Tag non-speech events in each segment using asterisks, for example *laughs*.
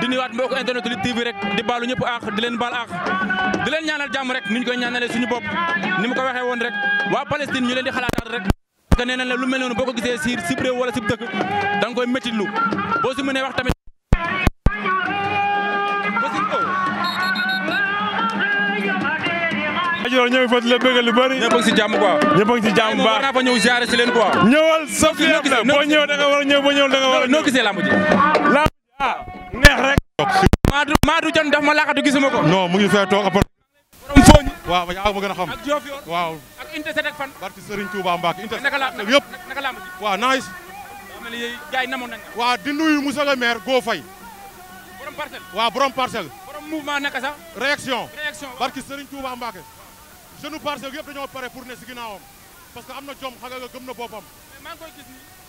di nuyuwaat mbokku internet Lutte TV rek di baalu ñëpp aax di leen baal aax di leen ñaanal jàmm rek ni ñu koy ñaanalee suñu bopp ni mu ko waxee woon rek waa Palestine ñu leen di xalaataat rek. parce que nee nañ la lu mel noonu boo ko gisee si si réew wala si dëkk da nga koy méttitlu boo si mënee wax tamit. Oh. ñoo ngi a ngi ci jàmm a ngi jàmm baax naa fa ñëw ziaré ci leen quoi ñëwal saf boo ñëw da war a ñëw boo ñëw da nga war a noo gisee lamb ji waaw neex rek. Madou Madou Jon daf ma laaxatu gisuma ko. non mu ngi fee toog après. borom fooñ. waaw yaa ma gën a xam. ak Joof yoon waaw. ak Inteset ak fan. barki Serigne Touba Mbacke Inteset. naka xam ne yéen gars yi namoon nañ la. waaw borom parcelle. réaction réaction barki Serigne Touba Mbacke. jeune parcelle yëpp dañoo pare pour ne si ginnaawam parce am na jom xaga nga gëm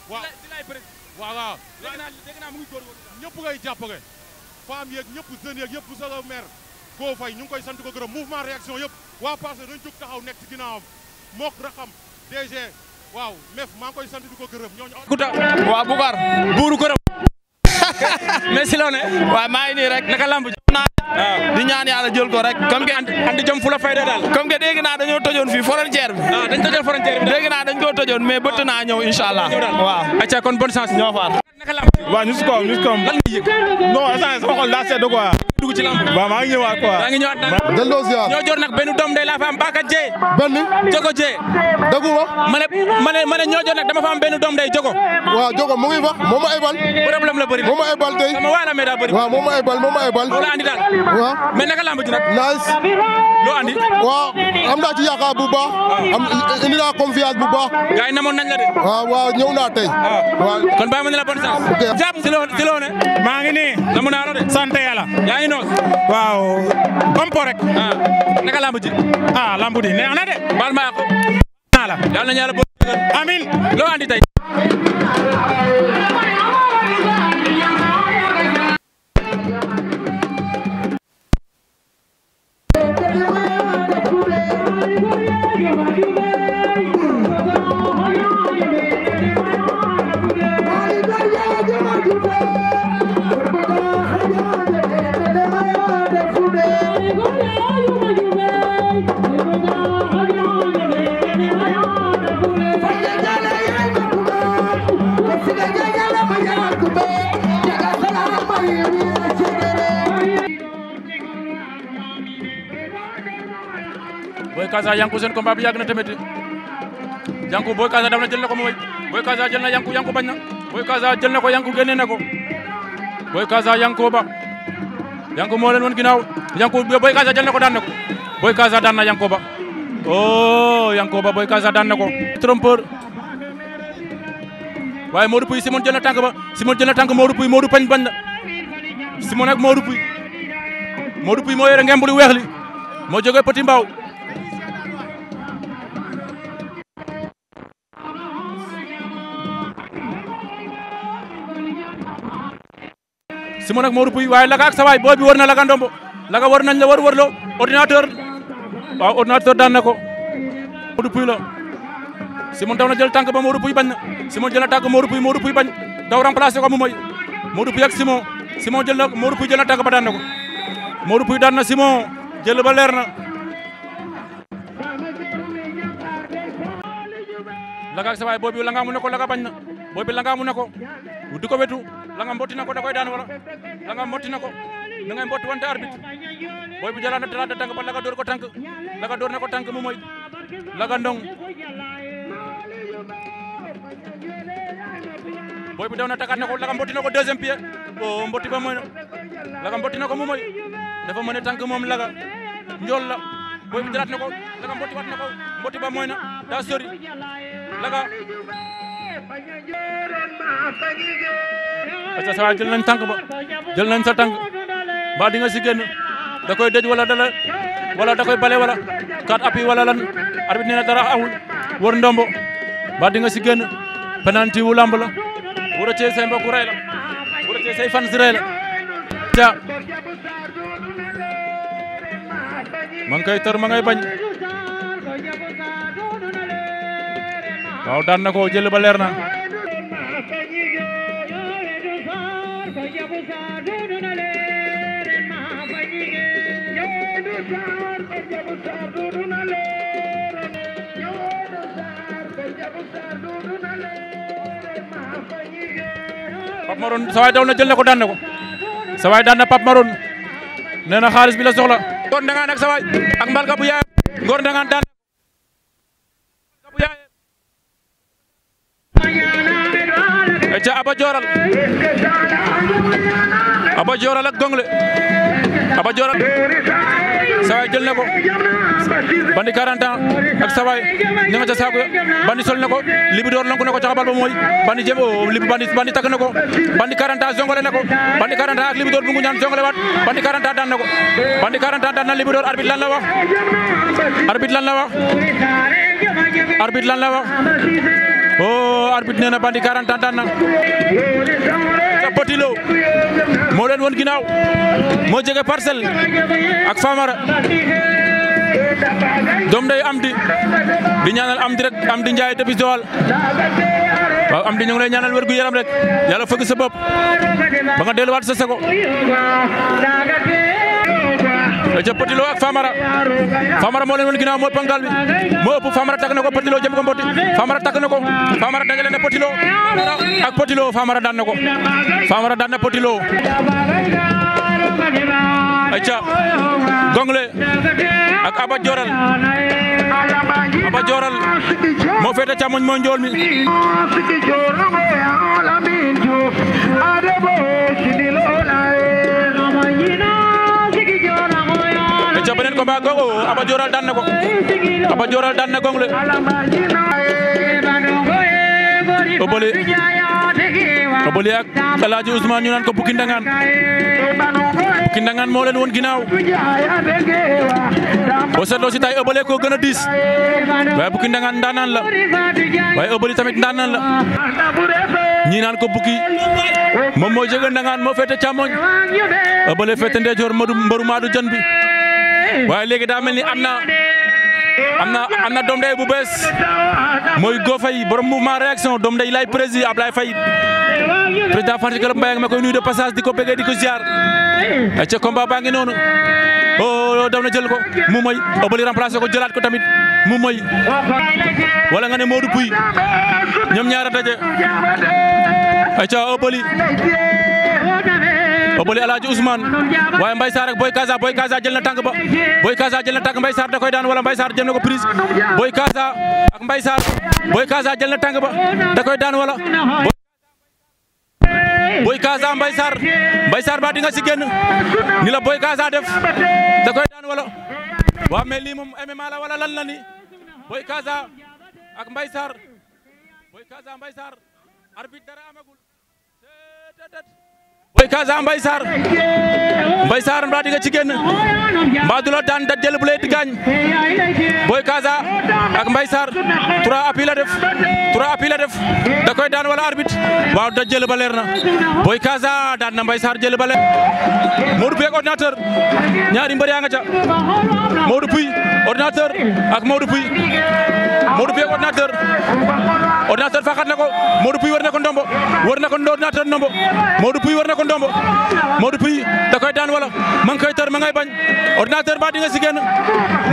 waaw di laay bëri waaw waaw dégg naa dégg naa mu ngi góor ñëpp ngay jàppale ñu ngi koy ko gërëm mouvement réaction yëpp waa passé dañu jóg taxaw nekk ci ginnaawam mook raxam DG waaw mef maa ngi koy ko gërëm ñooñu kuta waaw Boucar buuru gërëm *laughs* merci loo ne waaw maa ngi rek naka lamb di ñaan yàlla jël ko rek comme que andi jom fu la fayda daal comme que dégg naa dañoo tojoon fii frontière bi ah, tojoon frontière bi dégg naa dañ tojoon mais bëtt naa ñëw inshallah waaw acca kon bonne chance ñoo faar waaw ñu si kaw ñu si kaw lan nga yëg non instant sama ñoo jor nag benn doom day laa fa jogo jee dëggu ma ñoo jor nag dama fa am benn doom day jogo waaw jogo mu moom ay bal problème la bëri moom ay bal tey moom ay bal moom ay bal loolu waaw mais naka lamb ji nag. loo andi. waaw am naa ci yaakaar bu baax. am indi confiance bu baax. gars yi namoon nañ la de. waaw waaw ñëw tey. Ah. kon bàyyi ma na la bonne chance. ok jàpp si loo si loo ne. maa ngi nii. namu naa la de. sant yàlla. yaa ngi noos. waaw kompo rek. ah naka lamb ji. ah lamb ji neex na de. baal ma yàqu. naa na ñu yàlla bokk. amiin loo andi tey. Kaza Yankou seen combat bi yàgg na tamit Yankou Boy Kaza daw na jël na ko mooy Boy Kaza jël na Yankou Yankou bañ ko Yankou génne na ko Boy Kaza Yankou ba Yankou moo leen woon ginnaaw Yankou Boy Kaza jël na ko daan na ko Boy Kaza daan na Yankou ba oh Yankou ba Boy Kaza daan na ko trompeur waaye Modou Pouye Simon jël na tànk ba Simon jël na tànk Modou Pouye Modou pañ bañ na Simon ak Modou Pouye Modou Pouye moo yore ngemb lu moo jógee Petit Mbao Simon ak Modou Pouye waaye Laga ak sa waay booy bi na Laga ndombo Laga war nañ la war war loo ordinateur waaw ordinateur daan na ko Modou Pouye la Simon daw na jël tànk ba Modou Pouye bañ na Simon jël na tànk Modou Pouye Modou Pouye bañ daw remplacé ko mu moy Modou Pouye ak Simon Simon jël na Modou Pouye jël na tànk ba daan ko Modou Pouye daan na Simon jël ba leer na Laga ak sa waay booy ne ko Laga bañ na booy bi Laga ko du ko wetu la nga mbotti ko da daan wala la nga mbotti na ko da ngay mbotti wante arbitre booy bu jëlaat na talaata tànk ba la door ko tànk la nga door na ko tànk mu moy la nga ndong booy bu daw na takaat na ko la nga na ko deuxième pied o oh, mbotti ba moy la nga na ko mu dafa mën a tànk moom la nga la booy bi jëlaat na ko la nga waat na ko mbotti ba moy na daa sori la nga parce que sa waay jël nañ tànk ba jël nañ sa tànk mbaa di si génn da dëj wala dala wala da koy bale wala kat appui wala lan arbitre nee na dara amul wër ndombo mbaa di si génn penalty wu lamb la bu rëccee say mbokk rey la ja ma ngi tër ma ngay bañ waaw daan na ko jël ba leer na Pape Maroon sa waay daw na jël na ko daan na ko sa daan na Pape Maroon nee na xaalis bi la soxla. Ngor Ndangaan ak sa ak Mbalka bu yaayam Ngor Ndangaan daan ca Aba Joral Aba Joral ak Gongle Papa Dior sawaay jël na ko bandi 40 ans ak sawaay ña nga ca bandi sol na ko libi door lonku na ko ca ba mooy bandi jëm o oh, libi bandi bandi takk na ko bandi 40 ans jongole na ko bandi 40 ans ak libi door bu ngu ñaan jongole waat bandi 40 ans daan na bandi 40 ans na libi door lan la wa arbitre lan la wax o oh, arbitre nee bandi 40 ans na Malika Petit Lo moo leen won ginnaaw moo jege parcelle ak Famara doom day am di di ñaanal am di rek am di Njaay depuis Joal waaw am di ñu ngi lay ñaanal wér gu yaram rek yàlla fëgg sa bopp ba nga delluwaat sa sago ca Petit Lo ak Famara Famara moo leen woon ginnaaw mooy pankal bi moo ëpp Famara takk na ko Petit Lo jëm ko mboti Famara takk na ko dajale na Petit ak Petit Lo Famara na ko Famara daan na ak Aba Joral Aba Joral moo féete càmmoñ moo mi ca beneen combat gong o oh, Aba Dioral daan ko Aba Dioral daan gong le Obali Obali ak Alaaji Ousmane ñu ko Bukki Ndangaan Bukki Ndangaan moo leen woon ginnaaw boo seetloo si tay Obali ko gën a diis waaye Bukki Ndangaan ndaanaan la waaye naan ko Bukki moom moo jege Ndangaan moo féete càmmoñ Obali féete ndeejoor Madu mbaru waaye léegi daa mel ni am na am na am na doom day bu bees mooy Go Faye borom mouvement réaction doom day lay président Ablaye Faye président Fatou Kër Mbaye ma koy nuyu de passage di ko begee di ko ziar ca combat baa ngi noonu oh daw na jël ko mu moy obali remplacé ko jëlaat ko tamit mu moy wala nga ne Modou Pouy ñoom ñaara daje ca obali Obeuli Alaaji Ousmane waaye Mbaye Sarr ak Boy Kaza Boy Kaza jël na tànk ba Boy Kaza jël na tànk Mbaye Sarr da koy daan wala Mbaye Sarr jël na ko prise Boy Kaza ak Mbaye Sarr Boy Kaza jël na da koy daan wala Boy Kaza Mbaye Sarr si génn ni la Boy Kaza def da koy daan wala waa mais lii moom MMA la wala lan la ni Boy Kaza ak Mbaye Sarr Boy Kaza Mbaye Sarr arbitre dara Boy Kaza Mbaye Sarr Mbaye Sarr mbaa di nga ci génn mbaa daan koy daan wala arbitre waaw da jël ba na Boy Kaza daan na Mbaye Sarr jël ba leer Modou Pouye ak ñaari mbër yaa nga ca Modou Pouye ordinateur ak Modou Pouye Modou Pouye ak ordinateur ordinateur faxat na ko Modou Pouye war na ko ndombo war na ko ordinateur ndombo Modou Pouye war na ko ndombo Modou Pouye da koy daan wala ma ngi koy tër ma ngay bañ ordinateur baa di nga si génn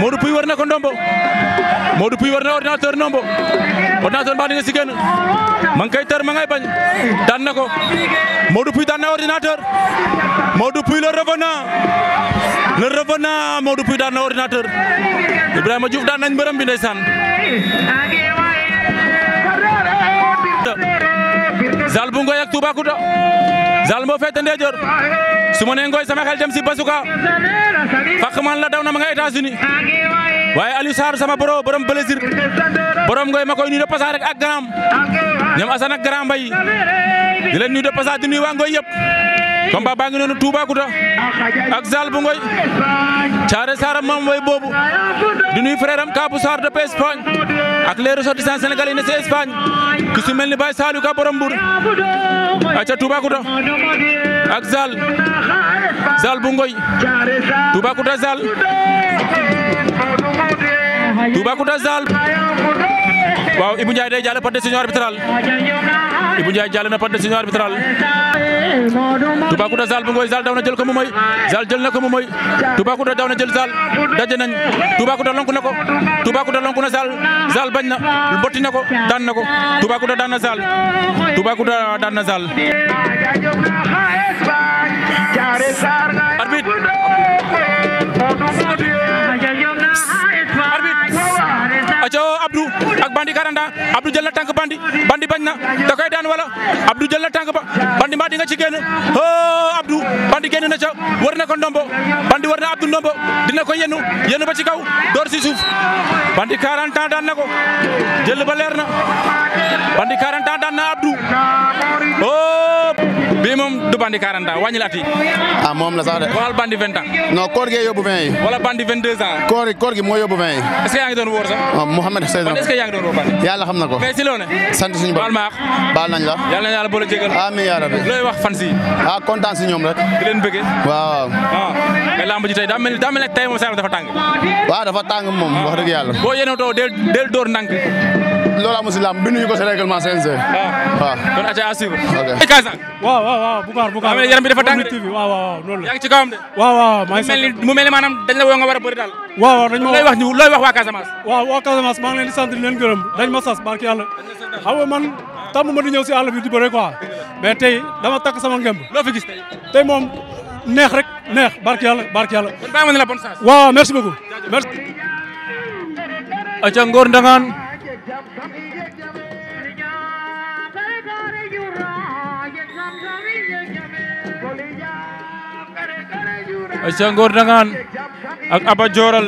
Modou Pouye war na ko ndombo Modou Pouye war na ordinateur ndombo ordinateur ba di si génn ma ngi koy tër ma ngay bañ daan na ko Modou Pouye daan na ordinateur Modou Pouye le revenant le revenant Modou Pouye daan na ordinateur Ibrahima Diouf daan nañ mbërëm bi ndeysaan Zal bu Ngoy ak Toubacouta Zal moo féete ndeyjoor su ma nee Ngoy sama xel dem si Basuka fàq man la daw na ma nga États-Unis waaye Aliou Sarr sama boro borom boro borom ngoy ma koy nuyu de passage rek ak grand ñoom Assane ak grand Mbaye di de passage di nuyu waa ngoy yëpp combat baa ngi noonu Toubacouta ak Zal bu ngoy caare Sarr mam way boobu di nuyu frère am Kabou Sarr depuis Espagne ak les ressortissants sénégalais yi ne ci Espagne ku si mel ni Baye Saliou Ka borom Mbour aca Toubacouta ak Zal Zal bu ngoy Toubacouta Zal Toubacouta Zal waaw Ibou Ndiaye day jàll par décision arbitrale Ibou Ndiaye jàll na par décision arbitrale Toubacouta Zal bu ngoy Zal daw na jël ko mu moy Zal jël na ko mu moy Toubacouta daw na jël Zal daje nañ Toubacouta lonk na ko Toubacouta lonk na Zal Zal bañ na botti na ko daan na ko Toubacouta daan na Zal Toubacouta daan na Zal arbitre arbitre Abdou ak Bandi Karanda Abdou jël na tànk Bandi Bandi bañ na da daan wala Abdou jël na tànk ba Bandi mbaa di nga ci génn Abdou Bandi génn na ca war na ko ndombo Bandi war ci kaw door si suuf Bandi 40 ans daan na ko jël ba leer na Bandi 40 ans daan na Abdou du bandi 40 ans wàññil at yi. Ah, la sax de. bandi 20 ans. non koor gi wala bandi 22 ans. koor koor gi moo yaa ngi doon wóor sax. Oh, sëy na est-ce que yaa ngi doon roobaan. yàlla xam na ko mais si loo ne. sant suñu bopp baal ma baal nañ la. yàlla na yàlla boole jégal. amiin yaa rabbi looy wax fan si. ah kontaan si ñoom rek. di leen bëggee. waaw. Ah, mais lamb ji tey daa mel ni daa mel ni tey moom sax dafa tàng. waaw dafa tàng moom wax dëgg yàlla. boo yéene too del del door ndànk. loolu amul si lamb binduñu ko si règlement CNG. Ah. waaw kon aca à suivre. ok waaw waaw waaw Boucar Boucar. waaw yaram bi dafa tàng de waaw waaw loolu la. yaa ngi ci kawam de. waaw waaw maa ngi mu mel ni mu mel ni maanaam dañ la woo nga war a bëri daal. waaw waaw dañ ma looy wax ñu looy wax waa Casamance. waaw waa Casamance maa ngi leen di sant di leen gërëm dañ ma sas barki yàlla man tàmm ma di ñëw si àll bi di bëre quoi tey dama takk sama ngemb gis tey moom neex rek neex barki yàlla barki yàlla waaw merci beaucoup merci aca Ngor Ndangaan ak Aba Joral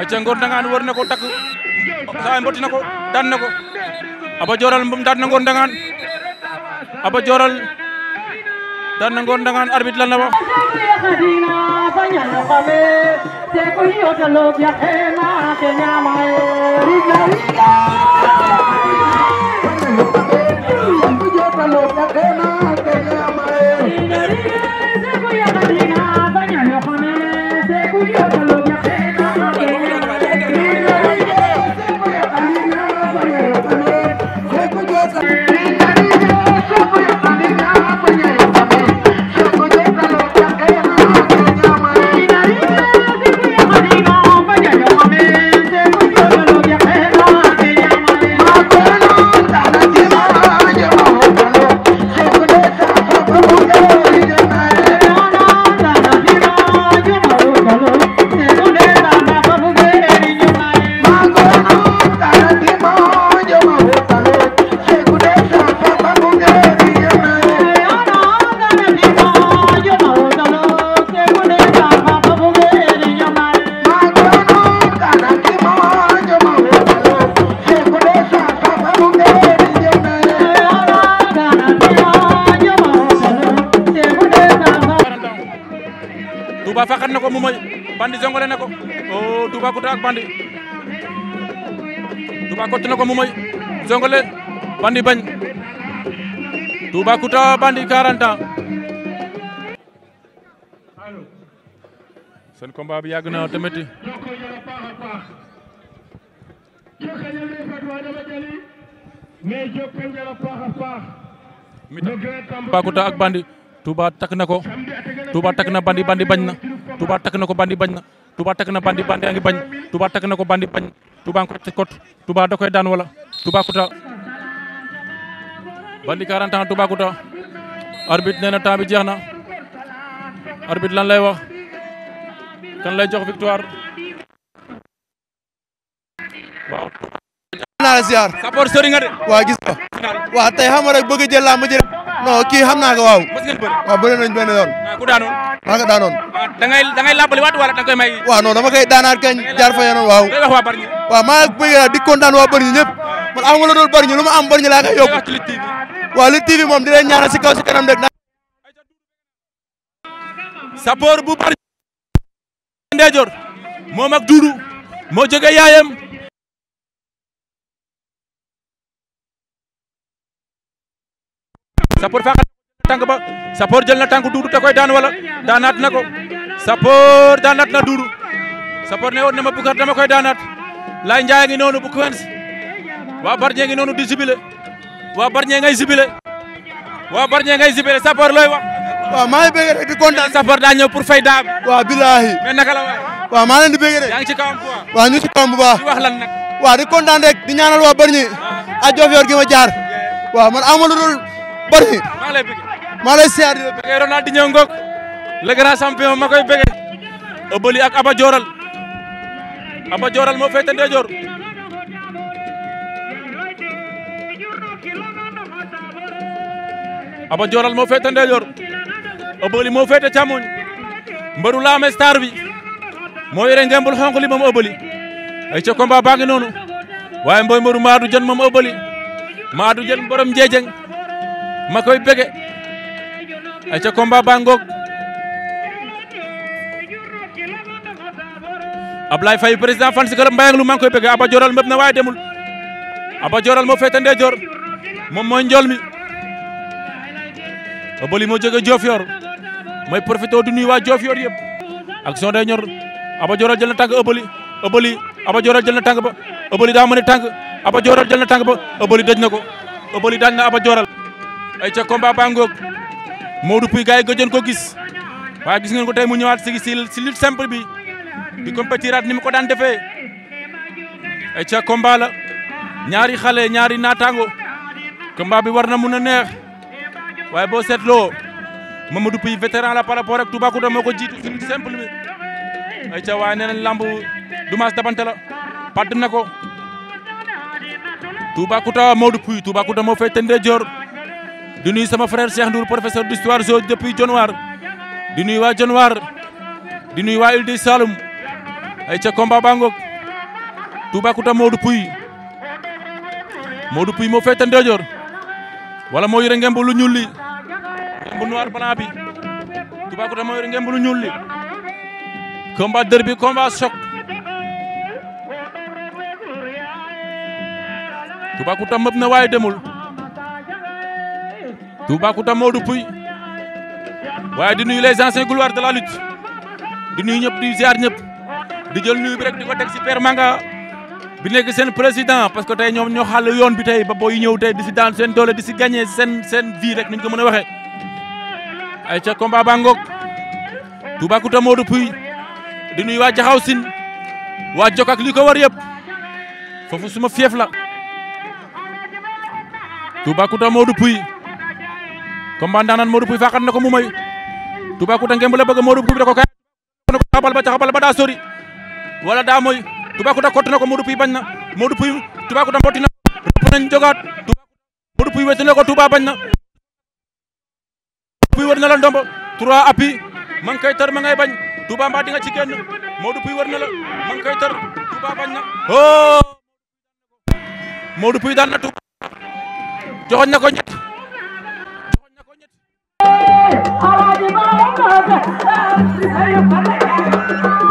aca ngor dangaan wër na ko takk saay mboti na ko daan na ko aba joral daan na ngor dangaan aba joral daan na ngor dangaan arbitre lan la wax mooy bandi zongale na ko oh Toubacouta ak bandi Touba kott na ko mu mooy zongale bandi bañ Toubacouta bandi 40 ans. seen yàgg na te métti. takk na ko Touba takk na bandi bandi bañ na. Touba takk na ko bandi bañ na Touba takk na bandi bandi a ngi bañ Touba na ko bandi bañ Touba ko ci kot Touba da koy daan wala Toubacouta bandi 40 ans Toubacouta arbitre nee na temps bi jeex na arbitre lan lay wax kan lay jox victoire waa gis nga waa tey xam rek bëgg jël làmb ji non kii xam naa ko waaw. mos ngeen bëri waaw bëri nañ benn yoon. Ah, ku daanoon. maa nga daanoon. Ah, da ngay da ngay laabali waat wala da nga koy may. waaw non dama koy daanaat kañ jaar fa yoon waaw. wax waa Bargny. waaw maa ngi bëgg di kontaan waa Bargny ñëpp. man am nga la doon Bargny lu ma am Bargny laa koy yóbbu. waaw li TV moom di leen ñaanal si kaw si kanam bu Bargny. Ndeyjoor moom ak Doudou moo jógee yaayam Sapeur faaxal na tànk ba Sapeur jël na tànk Doudou da koy daan wala daanaat na ko Sapeur daanaat na Doudou Sapeur ne woon na ma Boucar dama koy daanaat Laye Ndiaye ngi noonu bu waa Bargny ngi noonu di jibile waa Bargny ngay jibile waa maa ngi bëgg rek di kontaan Sapeur daa ñëw pour fay daam. waaw billahi mais naka la waay. waaw maa ngi ci kawam bu baax. waaw ñu ci kawam bu baax. di wax lan di kontaan rek di ñaanal waa Bargny. Ah. ak Diofior gi ma jaar. waaw man amul lu dul bari maa lay bëgg maa lay siyaar di la bëgg Ronaldinho Ngok le grand champion ma koy ak Aba Dioral Aba Dioral moo féete ndeyjoor Aba Dioral moo féete ndeyjoor Obali moo laame star bi moo yore ngembul xonq li moom Obali ay ca combat baa noonu waaye mboy mbaru Maadou Dione moom Obali Maadou Dione borom njeejeng ma koy bëgge ay ca combat ba ngoog Ablaye Faye président fan si kër Mbayang lu maa ngi koy bëgge Aba Joral mépp na waaye demul Aba Joral moo féete ndeyjoor moom mooy njool mi Obali moo jóge Diofior mooy profité du nuyu waa Diofior yëpp ak day ñor Aba Joral jël na tànk Obali Obali Aba Joral na tànk ba Obali daa mën a tànk Aba na tànk ba Obali daj na ko ay ca combat ba ngoog Modou Pouye gars ko gis waaye gis ngeen ko tey mu ñëwaat si si si lutte bi di compétiraat ni mu ko daan defee ay ca combat la ñaari xale ñaari naataango combat bi war na mun a neex waaye boo seetloo du Pouye vétéran la par rapport ak moo ko jiit si lutte simple bi ay ca waaye nee nañ lamb dumaas padd na ko Toubacouta Modou Pouye Toubacouta moo fay tëndee di nuy sama frère Cheikh Ndour professeur d'histoire géo depuis Dionewar di nuyu waa Dionewar di nuy waa Île du ay ca combat bangok Toubacouta Modou Pouye Modou Pouye moo féete ndeyjoor wala moo yore ngemb lu ñuul li ngemb noir blanc moo yore ngemb lu ñuul li combat derby combat choc Toubacouta mëb na waaye demul Toubacouta Modou Pouye waaye di nuyu les anciens gloires de la lutte di nuyu ñëpp di ñëpp di jël nuyu bi rek di ko teg si Père Manga bi nekk seen président parce que tey ñoom ñoo xàll yoon bi tey ba booy ñëw tey di si daan seen doole di si gagné seen seen vie rek ni ñu ko mën a waxee. ay ca combat ba ngoog Toubacouta Modou Pouye di nuyu waa Jaxaw Sine waa Jok ak li ko war yëpp foofu suma fief la moo Modou Pouye combat ndaanaan Modou Pouye faaxat na ko mu may Toubacouta ngemb la bëgg Modou Pouye da ko kaay na ko xabal ba ca sori wala daa mooy Toubacouta kott ko Modou Pouye bañ na Modou Pouye Toubacouta mbotti na rëpp nañ jogaat Modou Pouye wetu na ko Touba bañ na Pouye wër na la ndombo trois appuis ma ngi koy tër ma ngay bañ Touba mbaa di nga ci génn Modou Pouye wër na la ma koy tër Touba bañ na oh Modou Pouye daan na ko ñett Thank you.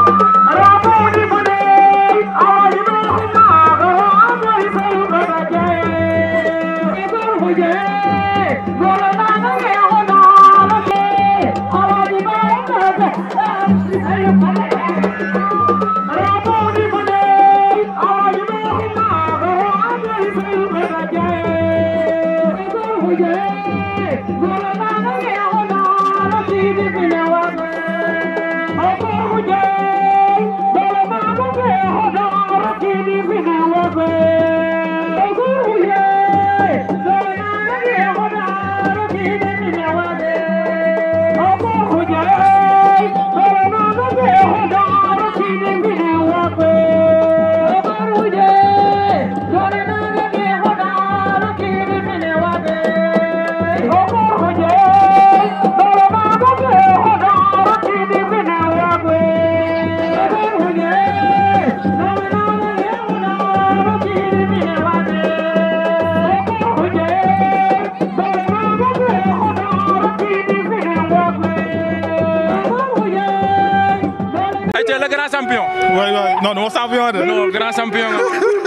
champion. waay waay non non champion de. non grand champion nga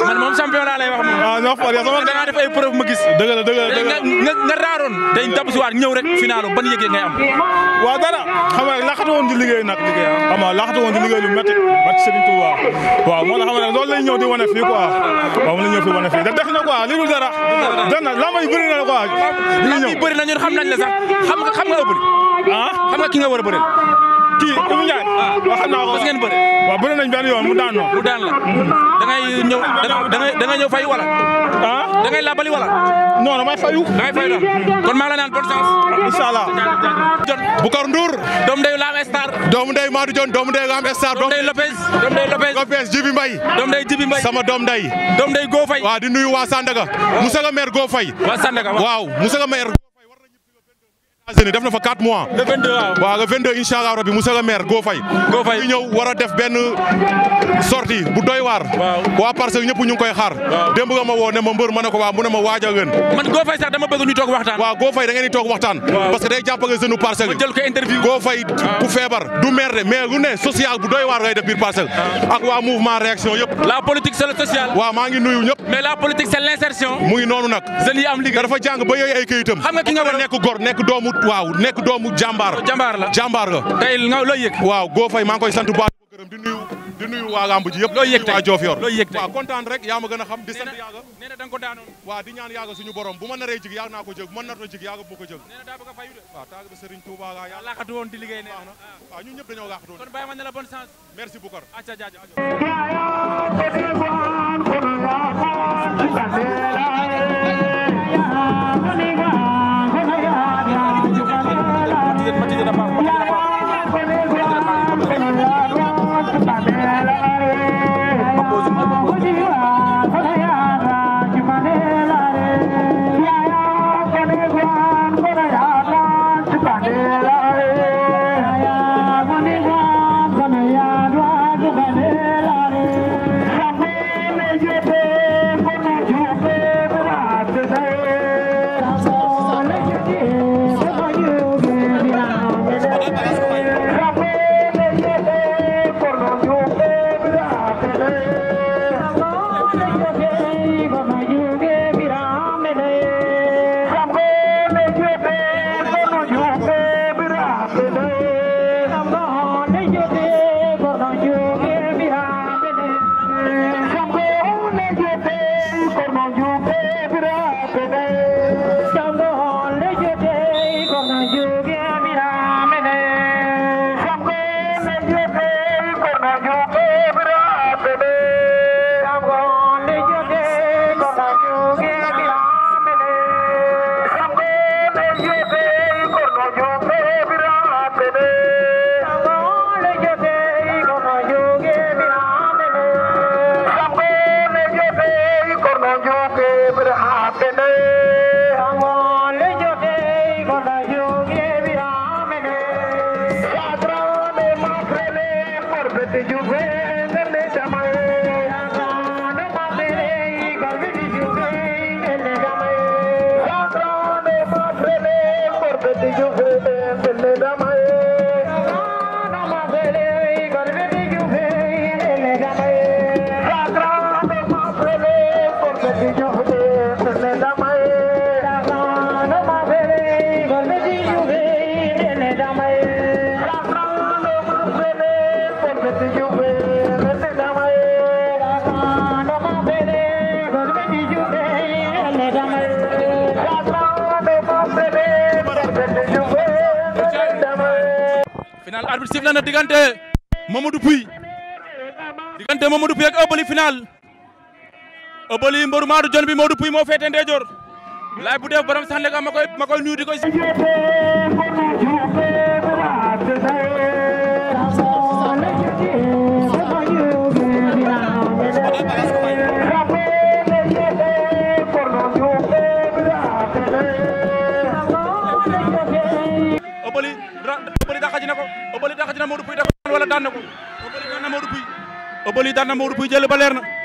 man moom champion laa lay wax moom. ah non Fodé sama. da ngaa def ay preuve ma gis. dëgg la dëgg la dëgg la nga nga raaroon. dañ dab si waat ñëw rek final ban yëg ngay am. waaw dara xam nga laxatu woon di liggéey nag. liggéey ah xam nga laxatu woon lu métti. ak Serigne Touba waaw moo tax xam ñëw di wane fii quoi waaw moom la ñëw fi wane fii da def na quoi li dul dara. def na lamb na quoi. li ñu ñëw lamb nañ la sax ah? xam nga ki nga war a kii Ibou ah, ah, naa ko ngeen bëre. waaw bëre nañ benn yoon mu daan ma. mu daan la da ngay ñëw da ngay da ngay ñëw fayu wala. ah da ngay labali wala. non damay fayu. damay fayu daal kon maa la naan bonne chance. incha allah. Boucar Ndour. doomu ndey la am star. doomu ndey Madou Dione doomu ndey la am star. doomu ndey Lopez. doomu ndey Lopez Lopez Jibi Mbaye. doomu ndey Jibi Mbaye. sama doomu ndey. doomu ndey Go Faye. waaw di nuyu waa Sandaga. waaw Moussa Gamer Go Faye. waa Sandaga waaw Moussa Gamer états fa 4 mois. le 22 waaw waaw le 22 incha allah rabi monsieur le maire Go ñëw war def benn sortie bu doy waar. waa Parcelles ñëpp ñu ngi koy xaar. ma woo ne ma mbër ma ne ko waa mu ne ma waajal leen. man Go Faye bëgg ñu toog waxtaan. waaw Go da ngeen di toog waxtaan. parce que day jàppale jeune Parcelles yi. ma feebar du maire de mais lu ne bu doy waar lay def biir ak waa mouvement réaction yëpp. la maa ngi nuyu ñëpp. mais la politique c'est l'insertion. waaw nekk doomu jàmbaar. jàmbaar la jàmbaar la. tey nga looy yëg. waaw Go Faye maa ngi ko sant yaaga. nee di ñaan yaaga suñu borom bu ma naree jig ko jëg bu ma narta jig a fayu de. waaw taag bi Serigne Touba laa yàlla. laaxatu woon na waaw ñun ñëpp dañoo laaxatu woon. kon bàyyi ma ne la bonne chance. merci beaucoup. acca jaajëf jigéen ma jigéen a baax ma jigéen a baax arbitre sifflé na diggante Mamadou Pouy diggante Mamadou Pouy ak Obeuly final Obeuly mbaru maadu jon bi Mamadou Pouy moo féete ndeyjoor laay bu def borom sax ne ma koy koy nuyu di daan na ko Obeuly daan na Modou Pouye Obeuly daan na ba leer na